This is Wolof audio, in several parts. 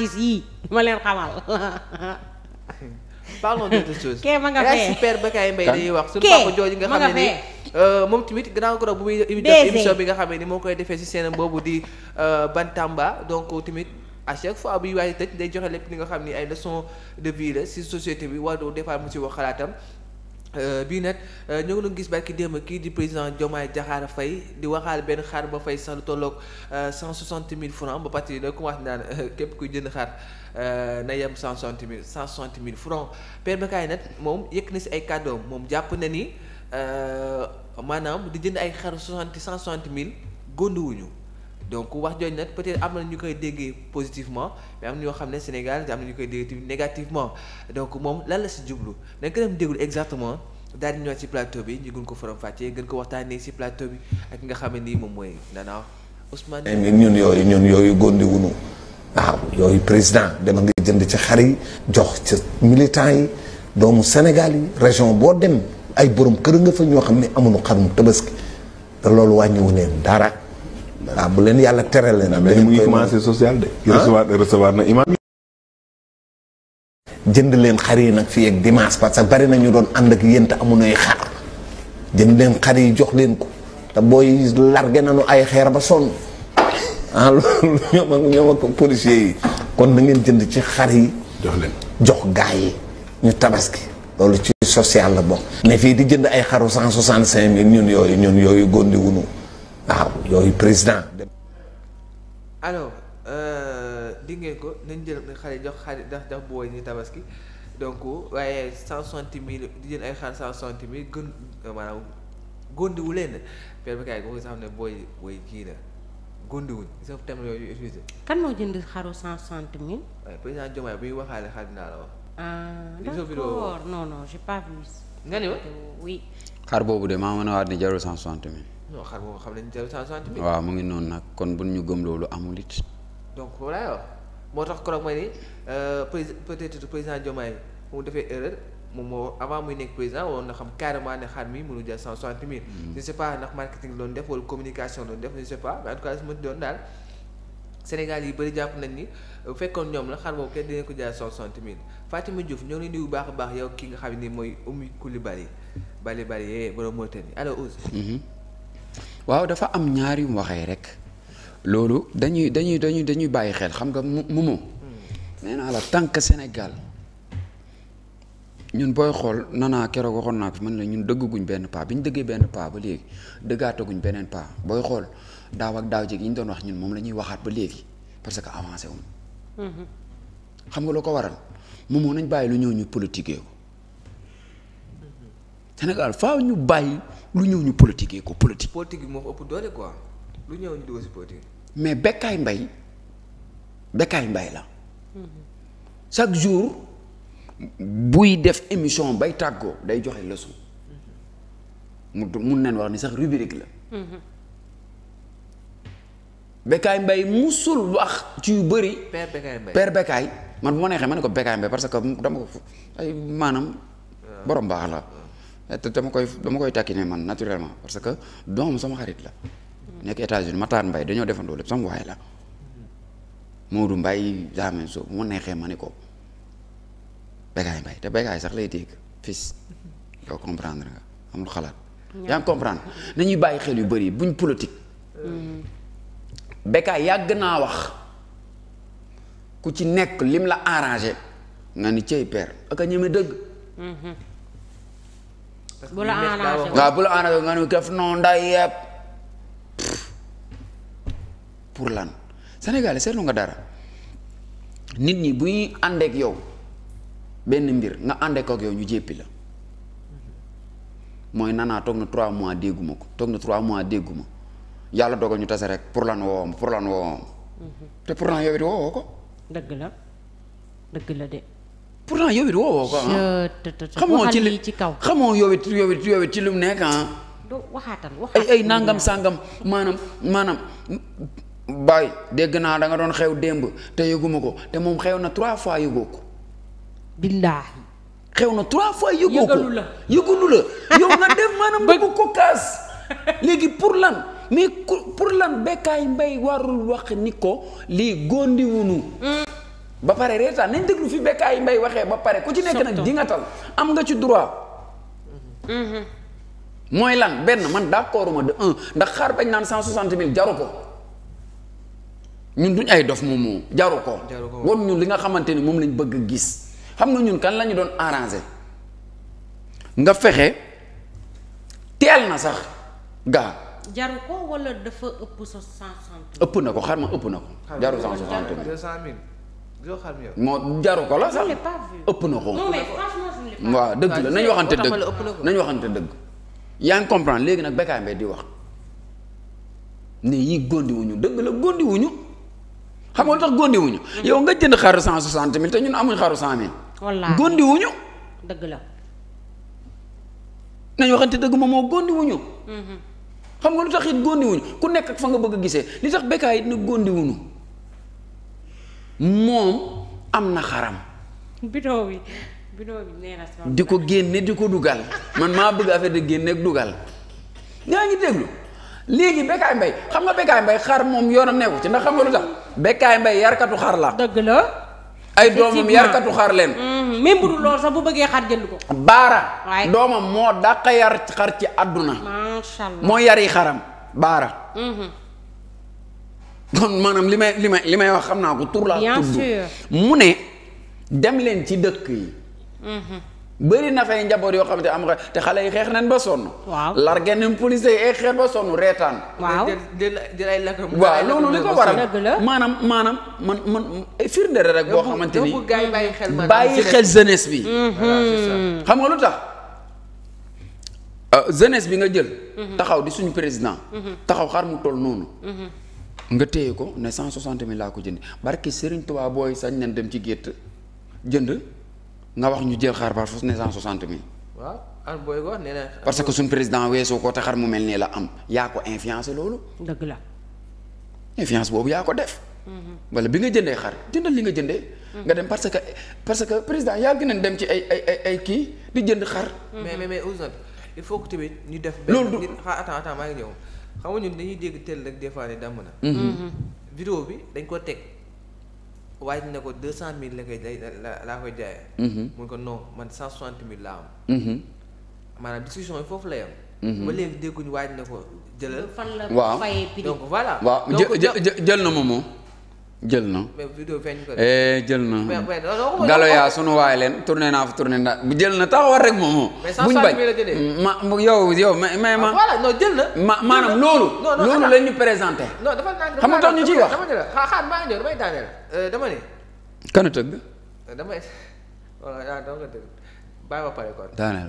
artistes yii ma leen xamal. parlons d'autre chose. kee ma nga fee super Bakaye Mbaye day wax. suñu papa jooju nga xam ne ni euh, moom tamit gannaaw ko bu muy def émission bi nga xam ne ni moo koy defee ci seen boobu di euh, Bantamba donc tamit. à chaque fois buy waaye tëj day joxe lépp li nga xam ni ay leçons de vie si ci société bi war doo des fois ci wax xalaatam Euh, bii nag euh, ñoo ngi doon gis barki démb kii di président Diomaye a fay di waxaal benn xar ba fay sax lu tolloog euh, cent soixante mille francs ba parti da commencé naan képp kuy jënd xar na yem cent soixante mille cent soixante mille francs Père Bécaye nag moom yëkk na si ay kàddoom moom jàpp na ni maanaam di jënd ay xar soixante cent soixante mille gónduwuñu donc wax jooju nag peut-être am na ñu koy déggee positivement mais am ñoo xam ne Sénégal am na ñu koy déggee négativement donc moom lan la si jublu dañ ko dem déglu exactement daal di ñëwaat ci plateau bi ñu gën ko faram fàccee gën ko waxtaanee ci plateau bi ak nga xam ne nii moom mooy Nana Ousmane. Eh, ñun yooyu ñun yooyu góndi wunu waaw yooyu président dama nga jënd ci xar yi jox ca militants yi doomu Sénégal yi région boo dem ay borom kër nga fa ñoo xam ne amuñu xarum tabaski te loolu wàññiwu neen dara. ah bu leen yàlla tere leen. da mu ngi commencé social de. Ah? recevoir jënd leen xar yi nag fii ak dimanche parce que bari na ñu doon ànd ak yéen te xar jënd leen xar yi jox leen ko te booy largué nañu ay xeer ba sonn ah loolu ñoom ak yi kon na ngeen jënd ci xar yi. jox leen jox gaa yi ñu tabaski. loolu ci social la bokk. ne fii di jënd ay xaru cent soixante cinq mille ñun yooyu ñun yooyu góndi waaw yooyu président. alors euh, di ngeen ko nañ jël xale jox xale ndax ndax bu tabaski donc waaye cent soixante mille di jël ay xaar cent soixante mille gën maanaam góndiwu leen père Bakaye boo xam kii la góndiwuñ sa thème yooyu utilisé. kan moo jënd xaru cent soixante mille. waaye président Diomaye buy waxaale xar dinaa la wax. Ah, boobu de maa mën waa waat ni jarul cent soixante mille. non xar moom xam nañ zéro cent soixante mille. waaw mu ngi noonu nag kon bu ñu gëm loolu amul it. donc voilà moo tax keroog ma ni euh, prési peut-être président Diomaye mu defee erreur moom moo avant muy nekk président waroon na xam carrément ne xar mi mënu jël cent soixante mm. ndax marketing loon def wala communication loon def je ne yi bëri jàpp nañ ni fekkoon ñoom la xar boobu kenn dinañ ko jaay cent soixante mille Fatima Diouf ñoo ngi nuyu bu baax baax yow ki nga xam ni mooy Oumy Coulibaly Bali Bali yee eh, borom Mauritanie allo Ousse. waaw dafa am ñaari mu waxee rek loolu dañuy dañuy dañuy dañuy bàyyi xel xam nga mu mu nee naa la tant que Sénégal ñun booy xool nanaa keroog waxoon naa ko man la ñun dëgguñ benn pas bi ñu dëggee benn pas ba léegi dëggaataguñ beneen pas booy xool daaw ak daaw jég yi ñu doon wax ñun moom la ñuy waxaat ba léegi parce que avancé wuñ mm-hmm. xam nga loo ko waral moomoo nañ bàyyi lu ñëw ñu politiqué ko mm-hmm. Sénégal faaw ñu bàyyi. lu ñëw ñu politiquer ko politique. politique moo doole quoi lu ñëw ñu dugg mais Bécaye Mbaye Bécaye Mbaye la mm-hmm. chaque jour buy def émission bay tàggoo day joxe leçon mm-hmm. mu mun nañ wax ni sax rubrique la. Mm-hmm. Bécaye Mbaye musul wax ci yu bari père Bécaye Mbaye père Bécaye man bu ma neexee ma ne ko Bécaye mbay parce que dama ko ay maanaam ah. borom baax la. Ah. te dama koy dama koy takkine man naturellement parce que doom sama xarit la. nekk États-Unis Matar Mbaye dañoo defandoo lépp sama waay la. Modou Mbaye Dramé Sow bu ma neexee ma ne ko Bécaye mbay te Bécaye sax lay dégg fils yow comprendre nga amul xalaat. yaa comprendre nañuy bàyyi xel yu bëri buñ politique. Bécaye yàgg naa wax ku ci nekk lim la arrangé nga ni cey père ak a ñeme dëgg. bu la arrangé waaw bu la arrangé nga ne kaf non nday yàpp pour lan Sénégal seetlu nga dara nit ñi buy àndeek yow benn mbir nga àndeek yow ñu jéppi la mooy nanaa toog na trois mois dégguma ko toog na trois mois dégguma yàlla dogal ñu tase rek pour lan woowam pour lan woowam mhm. te pourtant yow it woowoo ko dëgg la dëgg la de pourtant yow it woowoo ko ah. xamoo ci li ci kaw. xamoo yow it yow it yow it ci lu mu nekk ah. waxaatal waxaatal ay ay nangam sangam maanaam maanaam. Baye dégg naa da nga doon xew démb te yëguma ko te moom xew na trois fois yëgoo ko. billaahi. xew na trois fois yëgoo ko yëgalu la yëgalu la yow nga def maanaam bëgg ko kaas léegi pour lan mais pour lan Bécaye Mbaye warul wax ni ko lii góondi wunu mm. ba pare reetaan nañ déglu fi Bécaye Mbaye waxee ba pare ku ci nekk nag di nga tal am nga ci droit mhm. mooy lan benn man d'accord ma de ndax xaar bañ naan cent soixante mille jaru ko ñun duñ ay dof moom moo jaru ko won li nga xamante ni moom lañ bëgg gis xam ñun kan la doon arrangé nga fexe teel sax gaa jaru ko wala dafa ëpp sa cent soixante ëpp na ko xaar ma ëpp na ko jaru cent soixante mille moo jaru ko la sax ëpp na ko. waaw dëgg la nañ waxante dëgg nañu waxante dëgg. yaa ngi comprendre léegi nag Bécaye Mbaye di wax ne yii gondi wuñu dëgg la gondi xam nga lu tax gondi wuñu mm-hmm. yow nga jënd xaru cent soixante mille te ñun amuñ xaru cent mille. wallaahi gondi wuñu. dëgg la. waxante dëgg moom moo gondi mm-hmm. xam nga lu tax it gondi wuñu ku nekk ak fa nga bëgg a gisee li tax Bécaye it ne gondi moom am na xaram. bidon bi bi nee di ko génne di ko dugal man maa bëgg a de génne ak dugal. yaa ngi déglu léegi Bécaye Mbaye xam nga Bécaye Mbaye xar moom yoonam nekku ci ndax xam nga lu tax Bécaye Mbaye yarkatu xar la. ay doomam yarkatu xar leen. Mm-hmm. même bu dul loolu sax bu bëggee xar jënd ko. baara. doomam moo dàqa yar xar ci àdduna. macha moo yari xaram baara. Mm-hmm. kon maanaam li may li may li may wax xam naa ko tur laa tudd mu ne dem leen ci dëkk yi mhm. bëri na fay njaboot yoo xamante am te xale yi xeex nañ ba sonn. waaw largué nañ police yi ay xeex ba sonn reetaan. waaw waaw loolu li ko waral maanaam maanaam man man eh, firnde rek boo xamante ni bàyyi xel jeunesse bi. Mhm. xam nga lu tax euh, jeunesse bi nga jël. Mhm. taxaw di suñu président. taxaw xar mu toll noonu. nga téye ko ne cent soixante mille laa ko jënd barki Serigne Touba booy sañ nañ dem ñu jël xaar ba foofu ne cent soixante mille. waaw al booy ko nee parce que suñ président weesoo ko te xar mu mel nii la am yaa ko influencé loolu. dëgg la. influence boobu yaa ko def. Mhm. wala bi nga jëndee xar jëndal li nga jëndee. Mhm. nga dem parce que parce que président yàgg nañ dem ci ay ay ay kii di jënd xar. mais ñu def. loolu du benn xam nga ñun dañuy dégg tel rek des fois ne damm na. Mhm. Mhm. vidéo bi dañ koo teg waaye na ko deux cent mille la koy la laa koy jaayee. Mhm. mu ko non man cent soixante mille laa am. maanaam discussion yi foofu la yam ba léegi dégguñu waaj na ko jëlal. fan la fayee prix donc voilà. waaw jë jël na moomoo. jël na eh, jël na galo yaa sunu waay leen tourné naa fa tourné naa jël na taxawal rek moom moom buñ ma yow yow ma ah, ma ma maanaam loolu loolu la ñu présenté xam nga tax ñu euh, a euh, ah, tëgg bàyyi ma pare kon daaneel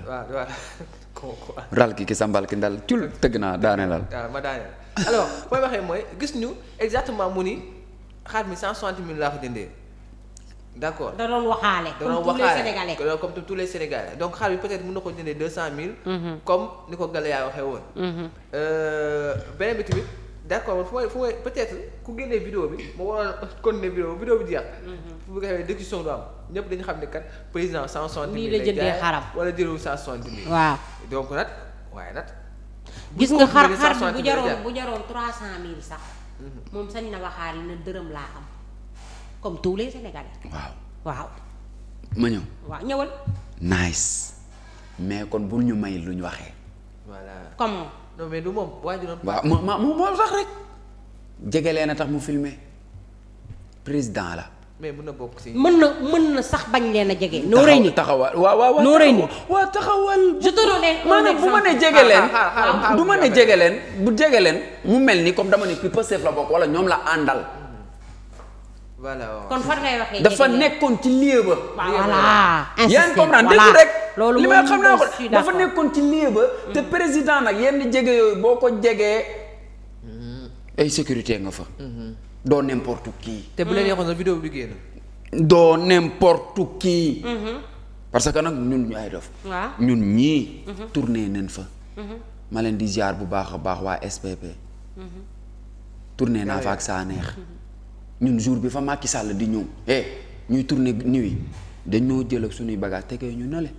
ral ki ki sambal ki ndal cul tëgg naa daaneelal ah, ma daaneel alors booy waxee mooy gis ñu exactement mu ni xaar mi cent soixante laa ko jëndee d' accord. da waxaale. da doon waxaale comme tous les sénégalais donc xaar bi peut être mën na ko jëndee deux cent mille. Mhm. comme ni ko Galaye waxee woon. Mhm. Euh, beneen bi tamit d' accord fu may fu may peut être ku génnee vidéo bi ma waroon continuer vidéo vidéo bi jeex. Mhm. fu nga xamee discussion du am ñëpp dañu xam ne kat président cent soixante mille. lay jaay xaram wala jëlul cent soixante mille. waaw donc nag waaye nag. gis nga xar xar bu jaroon bu moom sañ na waxaale na dërëm laa am comme tous les waaw waaw. ma waaw ñëwal. nice. mais kon bul ñu may lu ñu waxee. voilà comment. non mais du moom waajuram. waaw moom moom sax rek. jegelee tax mu filmer président la. mais mën na bokk si. mën na mën na sax bañ leen a jege. noo rëy ni taxawal waaw waaw waa rëy ni waaw taxawal. je te donne un bu ma ne jege leen. du ah, ah, ah, jege leen bu jege leen mu mel ni comme dama ne kii Pastef la bokk wala ñoom la àndal. voilà kon fa ngay waxee dafa nekkoon ci lieu ba. voilà yéen comprendre dégg rek. loolu li ma xam naa ko dafa nekkoon ci lieu ba. te hmm. président nag yenn jege boo ko jegee. Hmm. ay sécurité nga fa. Hmm. doo n'importe kii te bu leen yàqoon sa vidéo mhm. parce que nag ñun ay dof. ñun ñii. Mhm. tourné nañ fa. Mhm. ma leen di jaar bu baax a baax waa SPP. tourné naa fa ak saa neex. ñun jour bi fa Macky sàll di ñëw. eh ñuy tourné dañ dañoo jël ak suñuy bagage tegee ñu nale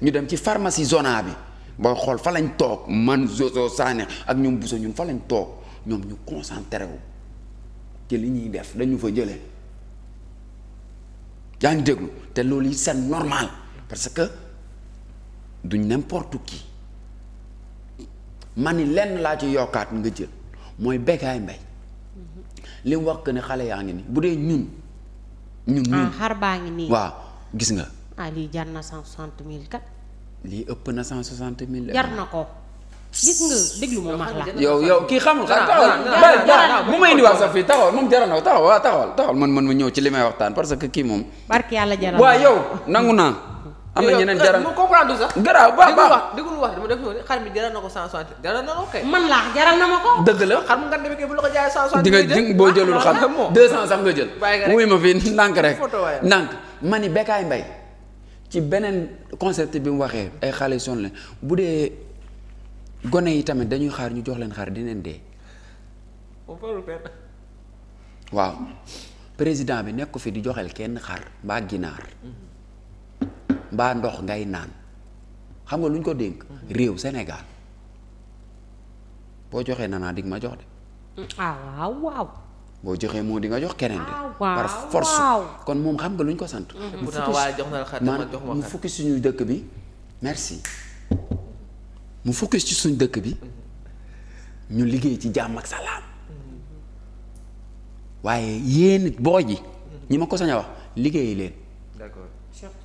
ñu dem ci pharmacie zona bi booy xool fa lañ toog man Zozo Sané ak ñoom Bousso ñun fa lañ toog. ñoom ñu concentré wu ci li ñuy def dañu fa jële yaa ngi déglu te loolu yi c'est normal parce que duñ n'importe qui ma ni lenn laa ci yokkaat nga jël mooy Bécaye mbay mm-hmm. li wax ko ne xale yaa ngi nii bu dee ñun. ñun ñun ah, xar baa ngi nii. waaw gis nga. ah lii jar na cent soixante mille kat. lii ëpp na cent soixante mille. jar na ko. gis nga déglu ma wax la. yow yow kii xamul xam taxawal mu may indi wax sax fii taxawal moom jaral na ko taxawal man man ma ñëw ci li may waxtaan parce que kii moom. barke yàlla jaral na ñeneen jaral yow comprendre sax. garaaw baax baax déglu wax dama def noonu xar jaral na ko 160 jaral na kay. man laa jaral na ma ko. dëgg la xar nga demee kay bu la ko jaayee 160. di nga di boo ah, jëlul xam 200 sax nga jël. wuy ma fii ndànk rek ndànk ma i Bécaye Mbaye ci beneen concept bi mu waxee ay xale son la bu dee gone yi tamit dañuy xaar ñu jox leen di dineen de waaw président bi nekk fi di joxel kenn xar mbaa ginaar mbaa ndox ngay naan xam nga luñ ko dénk. réew Sénégal boo joxee nanaa di nga ma jox de. ah boo joxee moo di nga jox keneen de. Ah, par force kon moom xam nga luñ ko sant. Mm-hmm. mu fukki mu fukki suñu dëkk bi merci. mu focus ci suñ dëkk bi ñu liggéey ci jàmm ak salaam waaye yéen it boo ji ñi ma ko sañ a wax liggéey leen.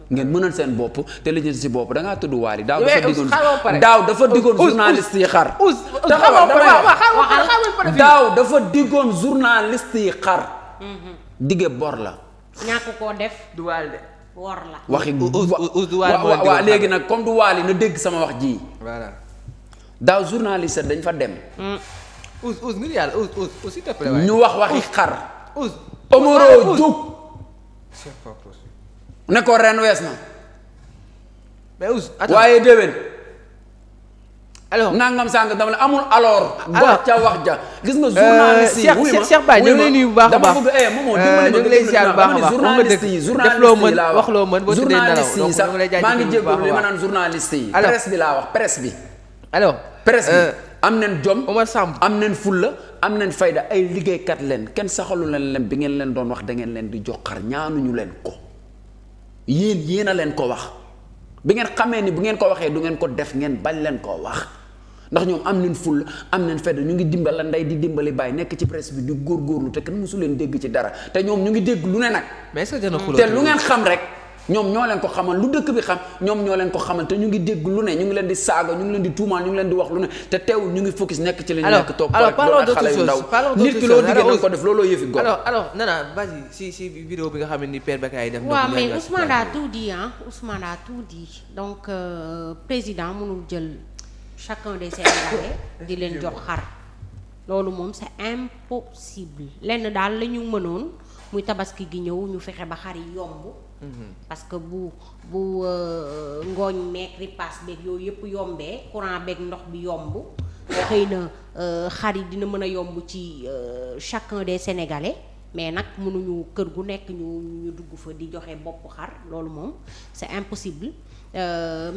ngeen mënal seen bopp te li si bopp dangaa tudd waali daaw dafa diggoon daaw dafa diggoon journaliste yi xar. daaw dafa diggoon journaliste yi xar. dige bor la. ñàkk koo def. du waali de wor la. léegi nag comme du waali na dégg sama wax ji. daaw journaliste dañ fa dem. Ousse mm. Ousse ngir yàlla Ousse Ousse Ousse s'il te plaît ñu wax waxi xar. Ousse Omoro jug. ne ko ren wees na. mais Ousse waaye déwén. alors nangam sàng dama ne amul alors. Ah, wax ah. ca wax ja gis nga euh, journaliste yi. wuy ma Cheikh Ba ñu baax a baax eh, euh, ñu ngi lay a baax journaliste yi journaliste yi laa wax journaliste yi sax maa ngi jégalu li ma naan journaliste yi. presse bi laa wax presse bi alors. presse bi euh, am nañ jom Omar Samb am nañ fulla am nañ fayda ay liggéeykat leen kenn saxalu leen leen bi ngeen leen doon wax da ngeen leen di jox xar ñu leen ko yéen yéen a leen ko wax bi ngeen xamee ni bu ngeen ko waxee du ngeen ko def ngeen bañ leen ko wax ndax ñoom am nañ fulla am nañ fedd ñu ngi dimbal la ndey di dimbali baay nekk ci presse bi di góorgóorlu te kenn mosu leen dégg ci dara te ñoom ñu ngi dégg lu ne nag. mais mm. te lu ngeen xam rek. ñoom ñoo leen ko xamal lu dëkk bi xam ñoom ñoo leen ko xamal te ñu ngi dégg lu ne ñu ngi leen di saaga ñu ngi leen di tuumaal ñu ngi leen di wax lu ne te teewul ñu ngi focus nekk ci li ñu nekk toog alors parlons d'autre chose nit ki loo diggee na nga bi nga xam ni Père Bakay def waaw mais Ousmane a tout dit ah Ousmane a tout donc euh, président mënul jël chacun des Sénégalais di leen jox xar loolu moom c'est impossible lenn daal la ñu mënoon muy tabaski gi ñëw ñu fexe ba xar yi yomb Mm-hmm. parce que bu bu euh, ngooñ meeg ripaas beeg yooyu yëpp yombee courant beeg ndox bi yomb xëy na euh, xar yi dina mën a yomb ci euh, chacun des sénégalais mais nag mënuñu kër gu nekk ñu ñu dugg fa di joxe bopp xar loolu moom c'est impossible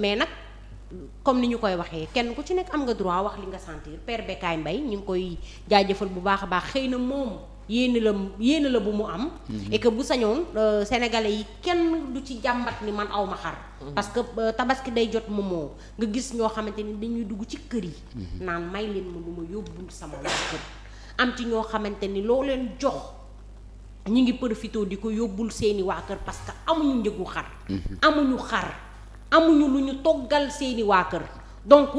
mais nag comme ni ñu koy waxee kenn ku ci nekk am nga droit wax li nga sentir Père mbay Mbaye ñu ngi koy jaajëfal bu baax a baax xëy na moom yéene la yéene la bu mu am. Mhm. et bu sañoon euh, sénégalais yi kenn du ci jàmbat ni man aw ma xar. Mhm. parce que euh, tabaski day jot moomoo nga gis ñoo xamante ni dañuy dugg ci kër yi. Mhm. naan may leen ma lu ma yóbbu sama waa kër am ci ñoo xamante ni loo leen jox ñu ngi profité di ko yóbbul seeni waa kër parce que amuñu njëgu xar. amuñu xar amuñu lu ñu toggal seeni waa kër donc.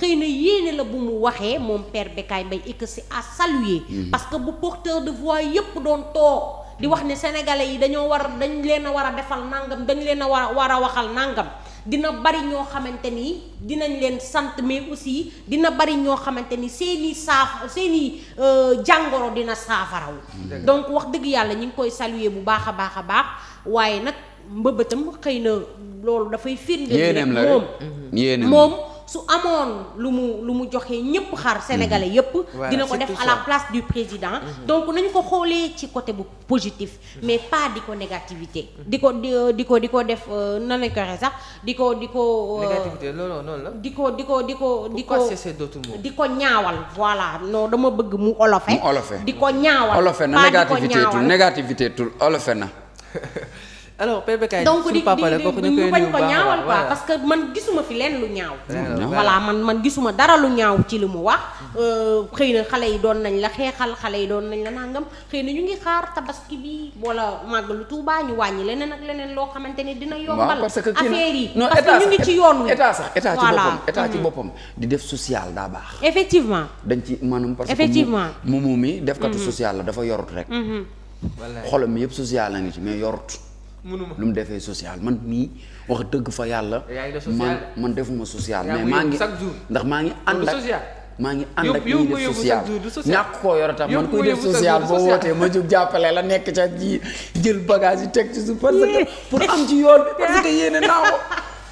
xëy na yéene la bu mu waxee moom père Bécaye Mbaye et que c'est à saluer mm-hmm. parce que bu porteur de voix yépp doon toog di wax ne sénégalais yi dañoo war dañ leen a war a defal nangam dañ leen a war a war a waxal nangam dina bari ñoo xamante ni dinañ leen sant mais aussi dina bari ñoo xamante ni seeni saaf seeni euh, jàngoro dina saafaraw mm-hmm. donc wax dëgg yàlla ñu ngi koy saluer bu baax a baax a baax waaye nag mbëbëtam xëy na loolu dafay firnde moom mm-hmm. moom su amoon lu mu lu mu joxe ñëpp xar sénégalais mmh. yëpp dina ko def à la place du président mmh. donc nañu ko xoolee ci côté bu positif mmh. mais pas di ko négativité di ko di ko di ko def euh, nan lañ ko sax di ko di ko euh, négativité noonu la di ko di ko di ko di ko di ko ñaawal voilà non dama bëgg mu olofe di ko ñaawal olofe na négativité négativité tul olofe na alors PBK donc di di ñu bañ parce que man gisuma fi lenn lu ñaaw voilà man man gisuma dara lu ñaaw ci li mu wax mm. euh, xëy na xale yi doon nañ la xeexal xale yi doon nañ la nangam xëy na ñu ngi xaar tabaski bi wala màggalu Tuubaa ñu wàññi leneen ak leneen loo xamante ne dina yombal affaire parce que ñu ngi ci yoon wi état sax état ci boppam état ci mm-hmm. boppam di def social daa baax effectivement dañ ci maanaam parce que effectivement mu mu mi defkatu mm-hmm. social la dafa yorut rek mm-hmm. xolam yëpp social la nit mais lu mu defee social man mii wax dëgg fa yàlla. man man defuma social. mais maa ngi ndax maa ngi ànd ak maa ngi ànd ak ñuy def social ñàkk koo yor tam man kuy def social boo wootee ma jóg jàppale la nekk ca ji jël bagage yi teg ci suuf parce que pour am ci yoon bi parce que yéene naa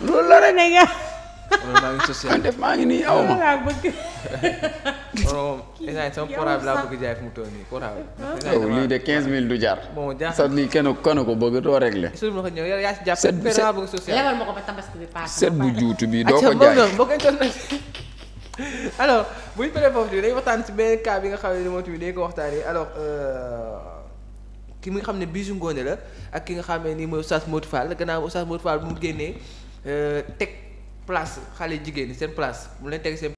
loolu la rek. wala maa ngi social def maa ngi nii aw ma. wala bëgg. sama portable laa bëgg jaay fu mu toll nii portable. lii de 15000 du jar. bon lii kenn kenn ko bëgg doo réglé. set bu set bi paase. set bu juutu bi doo ko jaay alors bu ñu paree foofu dañuy bi nga xam ne moom tamit dañu ko waxtaanee alors. ki nga xam ne Bijou eh, Ngoné la ak ki nga xam ne nii mooy Oustaz Modou Fall gannaaw Oustaz Modou Fall bu mu génnee teg. place xale jigéen ñi seen place mu leen teg seen